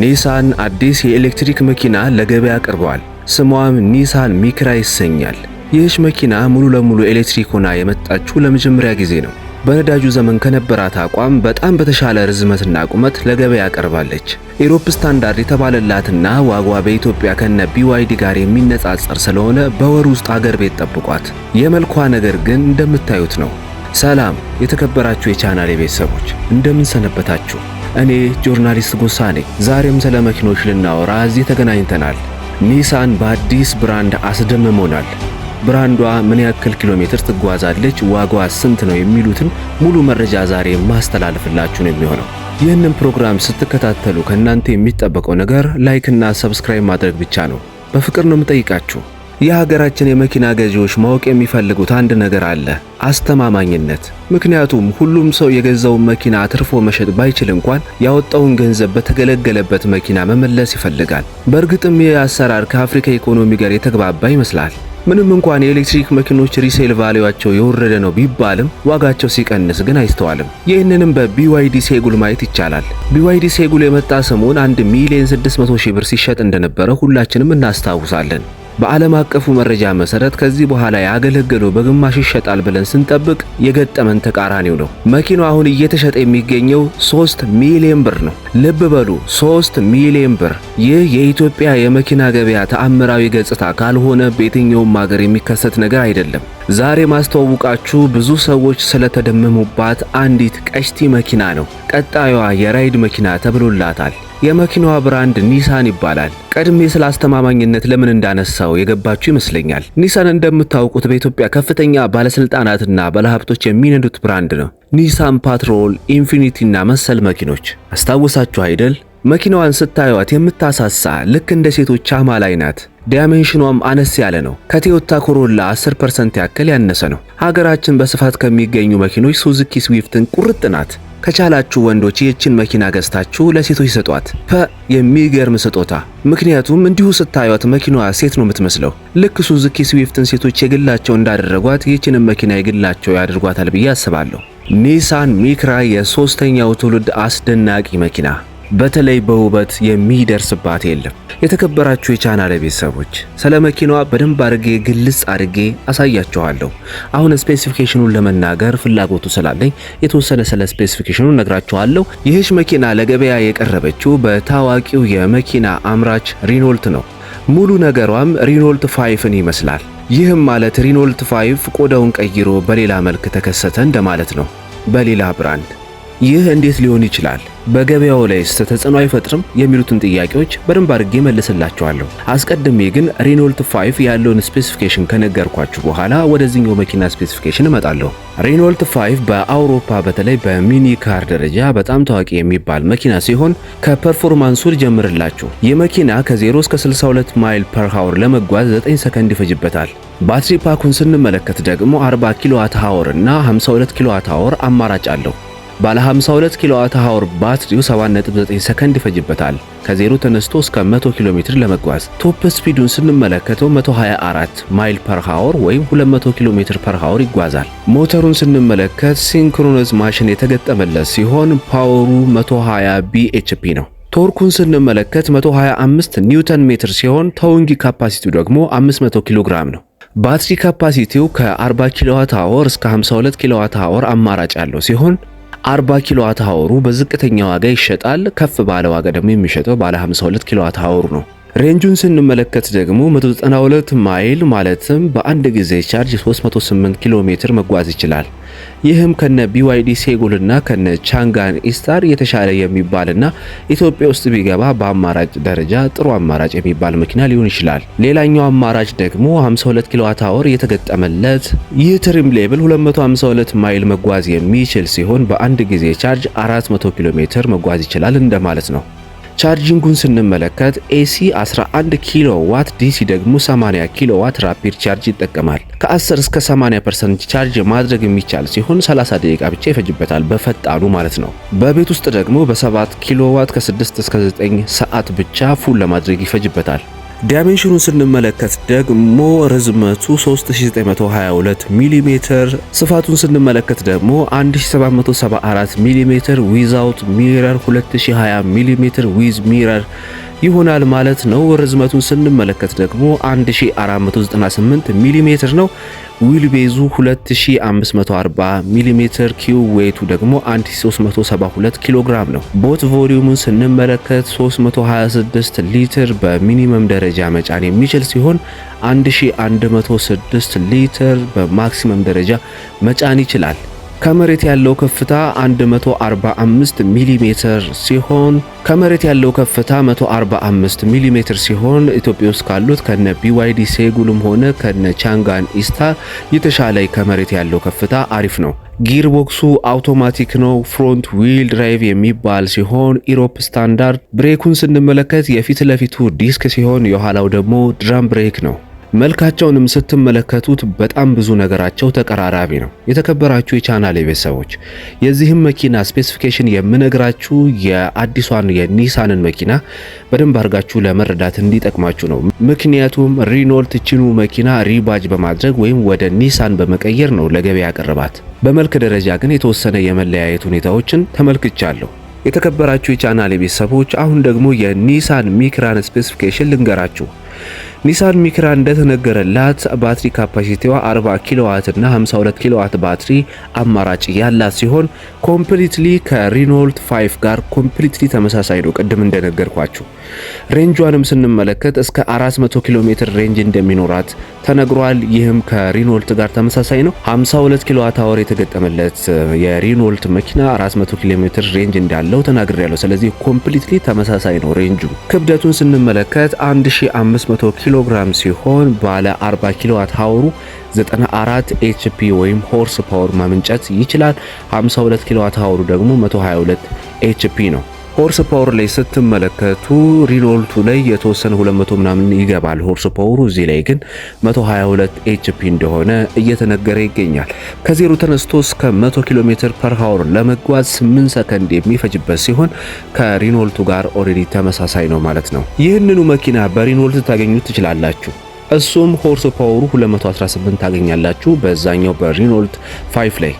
ኒሳን አዲስ የኤሌክትሪክ መኪና ለገበያ ቀርበዋል። ስሟም ኒሳን ሚክራ ይሰኛል። ይህች መኪና ሙሉ ለሙሉ ኤሌክትሪክ ሆና የመጣችው ለመጀመሪያ ጊዜ ነው። በነዳጁ ዘመን ከነበራት አቋም በጣም በተሻለ ርዝመትና ቁመት ለገበያ ቀርባለች። ኢሮፕ ስታንዳርድ የተባለላትና ዋጓ በኢትዮጵያ ከነ ቢዋይዲ ጋር የሚነጻጸር ስለሆነ በወር ውስጥ አገር ቤት ጠብቋት። የመልኳ ነገር ግን እንደምታዩት ነው። ሰላም የተከበራችሁ የቻናል ቤተሰቦች እንደምን ሰነበታችሁ? እኔ ጆርናሊስት ጎሳ ነኝ። ዛሬም ስለ መኪኖች ልናወራ እዚህ ተገናኝተናል። ኒሳን በአዲስ ብራንድ አስደምሞናል። ብራንዷ ምን ያክል ኪሎ ሜትር ትጓዛለች፣ ዋጋዋ ስንት ነው የሚሉትን ሙሉ መረጃ ዛሬ ማስተላለፍላችሁ ነው የሚሆነው። ይህንን ፕሮግራም ስትከታተሉ ከእናንተ የሚጠበቀው ነገር ላይክና ሰብስክራይብ ማድረግ ብቻ ነው። በፍቅር ነው የምጠይቃችሁ። የሀገራችን የመኪና ገዢዎች ማወቅ የሚፈልጉት አንድ ነገር አለ፣ አስተማማኝነት። ምክንያቱም ሁሉም ሰው የገዛውን መኪና አትርፎ መሸጥ ባይችል እንኳን ያወጣውን ገንዘብ በተገለገለበት መኪና መመለስ ይፈልጋል። በእርግጥም ይህ አሰራር ከአፍሪካ ኢኮኖሚ ጋር የተግባባ ይመስላል። ምንም እንኳን የኤሌክትሪክ መኪኖች ሪሴል ቫሌዋቸው የወረደ ነው ቢባልም ዋጋቸው ሲቀንስ ግን አይስተዋልም። ይህንንም በቢዋይዲ ሴጉል ማየት ይቻላል። ቢዋይዲ ሴጉል የመጣ ሰሞን 1 ሚሊዮን 600 ሺህ ብር ሲሸጥ እንደነበረ ሁላችንም እናስታውሳለን። በዓለም አቀፉ መረጃ መሰረት ከዚህ በኋላ ያገለገለው በግማሽ ይሸጣል ብለን ስንጠብቅ የገጠመን ተቃራኒው ነው። መኪናው አሁን እየተሸጠ የሚገኘው 3 ሚሊዮን ብር ነው። ልብ በሉ 3 ሚሊዮን ብር። ይህ የኢትዮጵያ የመኪና ገበያ ተአምራዊ ገጽታ ካልሆነ በየትኛውም ሀገር የሚከሰት ነገር አይደለም። ዛሬ ማስተዋወቃችሁ ብዙ ሰዎች ስለተደመሙባት አንዲት ቀሽቲ መኪና ነው። ቀጣዩዋ የራይድ መኪና ተብሎላታል። የመኪናዋ ብራንድ ኒሳን ይባላል። ቀድሜ ስለ አስተማማኝነት ለምን እንዳነሳው የገባችሁ ይመስለኛል። ኒሳን እንደምታውቁት በኢትዮጵያ ከፍተኛ ባለስልጣናትና ባለሀብቶች የሚነዱት ብራንድ ነው። ኒሳን ፓትሮል፣ ኢንፊኒቲና መሰል መኪኖች አስታወሳችሁ አይደል? መኪናዋን ስታዩት የምታሳሳ ልክ እንደ ሴቶች አማላይ ላይ ናት። ዳይሜንሽኗም አነስ ያለ ነው። ከቶዮታ ኮሮላ 10% ያክል ያነሰ ነው። ሀገራችን በስፋት ከሚገኙ መኪኖች ሱዙኪ ስዊፍትን ቁርጥ ናት። ከቻላችሁ ወንዶች ይህችን መኪና ገዝታችሁ ለሴቶች ይሰጧት ፈ የሚገርም ስጦታ። ምክንያቱም እንዲሁ ስታዩት መኪናዋ ሴት ነው የምትመስለው። ልክ ሱዙኪ ስዊፍትን ሴቶች የግላቸው እንዳደረጓት ይህችንም መኪና የግላቸው ያድርጓታል ብዬ አስባለሁ። ኒሳን ሚክራ የሶስተኛው ትውልድ አስደናቂ መኪና በተለይ በውበት የሚደርስባት የለም። የተከበራችሁ የቻናል ቤተሰቦች ስለ መኪናዋ በደንብ አድርጌ ግልጽ አድርጌ አሳያችኋለሁ። አሁን ስፔሲፊኬሽኑን ለመናገር ፍላጎቱ ስላለኝ የተወሰነ ስለ ስፔሲፊኬሽኑ ነግራችኋለሁ። ይህች መኪና ለገበያ የቀረበችው በታዋቂው የመኪና አምራች ሪኖልት ነው። ሙሉ ነገሯም ሪኖልት ፋይፍን ይመስላል። ይህም ማለት ሪኖልት ፋይፍ ቆዳውን ቀይሮ በሌላ መልክ ተከሰተ እንደማለት ነው፣ በሌላ ብራንድ ይህ እንዴት ሊሆን ይችላል? በገበያው ላይስ ተጽዕኖ አይፈጥርም? የሚሉትን ጥያቄዎች በደንብ አድርጌ መልስላችኋለሁ። አስቀድሜ ግን ሬኖልት 5 ያለውን ስፔሲፊኬሽን ከነገርኳችሁ በኋላ ወደዚህኛው መኪና ስፔሲፊኬሽን እመጣለሁ። ሬኖልት 5 በአውሮፓ በተለይ በሚኒ ካር ደረጃ በጣም ታዋቂ የሚባል መኪና ሲሆን ከፐርፎርማንሱ ልጀምርላችሁ። የመኪና ከ0 እስከ 62 ማይል ፐር ሃወር ለመጓዝ 9 ሰከንድ ይፈጅበታል። ባትሪ ፓኩን ስንመለከት ደግሞ 40 ኪሎዋት ሃወር እና 52 ኪሎዋት ሃወር አማራጭ አለው። ባለ 52 ኪሎዋት ሃወር ባትሪው 7.9 ሰከንድ ይፈጅበታል ከዜሮ ተነስቶ እስከ 100 ኪሎ ሜትር ለመጓዝ። ቶፕ ስፒዱን ስንመለከተው 124 ማይል ፐር ሃወር ወይም 200 ኪሎ ሜትር ፐር ሃወር ይጓዛል። ሞተሩን ስንመለከት ሲንክሮነስ ማሽን የተገጠመለት ሲሆን ፓወሩ 120 ቢኤችፒ ነው። ቶርኩን ስንመለከት 125 ኒውተን ሜትር ሲሆን ተውንጊ ካፓሲቲው ደግሞ 500 ኪሎ ግራም ነው። ባትሪ ካፓሲቲው ከ40 ኪሎዋት አወር እስከ 52 ኪሎዋት አወር አማራጭ ያለው ሲሆን 40 ኪሎዋት አወሩ በዝቅተኛ ዋጋ ይሸጣል። ከፍ ባለ ዋጋ ደግሞ የሚሸጠው ባለ 52 ኪሎዋት አወሩ ነው። ሬንጁን ስንመለከት ደግሞ 192 ማይል ማለትም በአንድ ጊዜ ቻርጅ 308 ኪሎ ሜትር መጓዝ ይችላል። ይህም ከነ ቢዋይዲ ሴጉልና ከነ ቻንጋን ኢስታር የተሻለ የሚባልና ኢትዮጵያ ውስጥ ቢገባ በአማራጭ ደረጃ ጥሩ አማራጭ የሚባል መኪና ሊሆን ይችላል። ሌላኛው አማራጭ ደግሞ 52 ኪሎዋት አወር የተገጠመለት ይህ ትሪም ሌብል 252 ማይል መጓዝ የሚችል ሲሆን በአንድ ጊዜ ቻርጅ 400 ኪሎ ሜትር መጓዝ ይችላል እንደማለት ነው። ቻርጂንጉን ስንመለከት ኤሲ 11 ኪሎ ዋት፣ ዲሲ ደግሞ 80 ኪሎ ዋት ራፒድ ቻርጅ ይጠቀማል። ከ10 እስከ 80% ቻርጅ ማድረግ የሚቻል ሲሆን 30 ደቂቃ ብቻ ይፈጅበታል በፈጣኑ ማለት ነው። በቤት ውስጥ ደግሞ በ7 ኪሎ ዋት ከ6 እስከ 9 ሰዓት ብቻ ፉል ለማድረግ ይፈጅበታል። ዳይሜንሽኑን ስንመለከት ደግሞ ርዝመቱ 3922 ሚሜ፣ ስፋቱን ስንመለከት ደግሞ 1774 ሚሜ ዊዛውት ሚረር 2020 ሚሜ ዊዝ ሚረር ይሆናል ማለት ነው። ርዝመቱን ስንመለከት ደግሞ 1498 ሚሜ ነው። ዊል ቤዙ 2540 ሚሜ፣ ኪው ዌቱ ደግሞ 1372 ኪሎ ግራም ነው። ቦት ቮሊዩሙን ስንመለከት 326 ሊትር በሚኒመም ደረጃ መጫን የሚችል ሲሆን 1106 ሊትር በማክሲመም ደረጃ መጫን ይችላል። ከመሬት ያለው ከፍታ 145 ሚሊ ሲሆን ከመሬት ያለው ከፍታ 145 ሚሊ ሲሆን ኢትዮጵያ ውስጥ ካሉት ከነ ቢዋይዲ ሴጉልም ሆነ ከነ ቻንጋን ኢስታ የተሻለ ከመሬት ያለው ከፍታ አሪፍ ነው። ጊር ቦክሱ አውቶማቲክ ነው። ፍሮንት ዊል ድራይቭ የሚባል ሲሆን ኢሮፕ ስታንዳርድ። ብሬኩን ስንመለከት የፊት ለፊቱ ዲስክ ሲሆን የኋላው ደግሞ ድራም ብሬክ ነው። መልካቸውንም ስትመለከቱት በጣም ብዙ ነገራቸው ተቀራራቢ ነው። የተከበራችሁ የቻናል ቤተሰቦች የዚህም መኪና ስፔሲፊኬሽን የምነግራችሁ የአዲሷን የኒሳንን መኪና በደንብ አድርጋችሁ ለመረዳት እንዲጠቅማችሁ ነው። ምክንያቱም ሪኖልት ቺኑ መኪና ሪባጅ በማድረግ ወይም ወደ ኒሳን በመቀየር ነው ለገበያ ያቀረባት። በመልክ ደረጃ ግን የተወሰነ የመለያየት ሁኔታዎችን ተመልክቻለሁ። የተከበራችሁ የቻናል ቤተሰቦች አሁን ደግሞ የኒሳን ሚክራን ስፔሲፊኬሽን ልንገራችሁ። ኒሳን ሚክራ እንደተነገረላት ባትሪ ካፓሲቲዋ 40 ኪሎዋት እና 52 ኪሎዋት ባትሪ አማራጭ ያላት ሲሆን ኮምፕሊትሊ ከሪኖልት 5 ጋር ኮምፕሊትሊ ተመሳሳይ ነው። ቅድም እንደነገርኳችሁ ሬንጇንም ስንመለከት እስከ 400 ኪሎ ሜትር ሬንጅ እንደሚኖራት ተነግሯል። ይህም ከሪኖልት ጋር ተመሳሳይ ነው። 52 ኪሎዋት አወር የተገጠመለት የሪኖልት መኪና 400 ኪሎ ሜትር ሬንጅ እንዳለው ተናግሬያለሁ። ስለዚህ ኮምፕሊትሊ ተመሳሳይ ነው ሬንጁ። ክብደቱን ስንመለከት 1500 ኪሎ ኪሎ ግራም ሲሆን ባለ 40 ኪሎዋት ሀወሩ 94 ኤችፒ ወይም ሆርስ ፓወር ማመንጨት ይችላል። 52 ኪሎዋት ሀወሩ ደግሞ 122 ኤችፒ ነው። ሆርስ ፓወር ላይ ስትመለከቱ ሪኖልቱ ላይ የተወሰነ 200 ምናምን ይገባል ሆርስ ፓወሩ። እዚህ ላይ ግን 122 ኤችፒ እንደሆነ እየተነገረ ይገኛል። ከዜሮ ተነስቶ እስከ 100 ኪሎ ሜትር ፐር ሀወር ለመጓዝ 8 ሰከንድ የሚፈጅበት ሲሆን ከሪኖልቱ ጋር ኦሬዲ ተመሳሳይ ነው ማለት ነው። ይህንኑ መኪና በሪኖልት ታገኙት ትችላላችሁ። እሱም ሆርስ ፓወሩ 218 ታገኛላችሁ በዛኛው በሪኖልት 5 ላይ።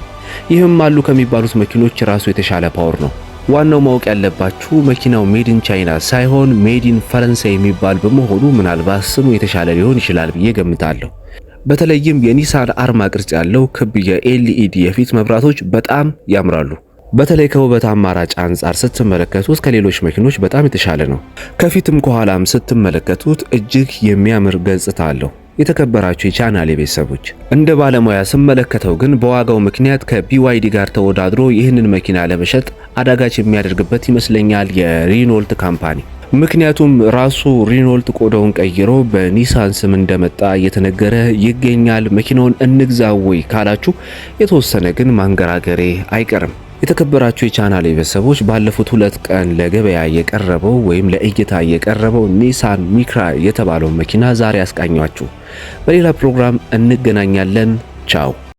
ይህም አሉ ከሚባሉት መኪኖች ራሱ የተሻለ ፓወር ነው። ዋናው ማወቅ ያለባችሁ መኪናው ሜድን ቻይና ሳይሆን ሜድን ፈረንሳይ የሚባል በመሆኑ ምናልባት ስሙ የተሻለ ሊሆን ይችላል ብዬ ገምታለሁ። በተለይም የኒሳን አርማ ቅርጽ ያለው ክብ የኤልኢዲ የፊት መብራቶች በጣም ያምራሉ። በተለይ ከውበት አማራጭ አንጻር ስትመለከቱት ከሌሎች መኪኖች በጣም የተሻለ ነው። ከፊትም ከኋላም ስትመለከቱት እጅግ የሚያምር ገጽታ አለው። የተከበራችሁ የቻናል ቤተሰቦች እንደ ባለሙያ ስመለከተው ግን በዋጋው ምክንያት ከቢዋይዲ ጋር ተወዳድሮ ይህንን መኪና ለመሸጥ አዳጋች የሚያደርግበት ይመስለኛል የሪኖልት ካምፓኒ። ምክንያቱም ራሱ ሪኖልት ቆዳውን ቀይሮ በኒሳን ስም እንደመጣ እየተነገረ ይገኛል። መኪናውን እንግዛ ወይ ካላችሁ የተወሰነ ግን ማንገራገሬ አይቀርም። የተከበራችሁ የቻናል ቤተሰቦች ባለፉት ሁለት ቀን ለገበያ የቀረበው ወይም ለእይታ የቀረበው ኒሳን ሚክራ የተባለው መኪና ዛሬ ያስቃኟችሁ። በሌላ ፕሮግራም እንገናኛለን። ቻው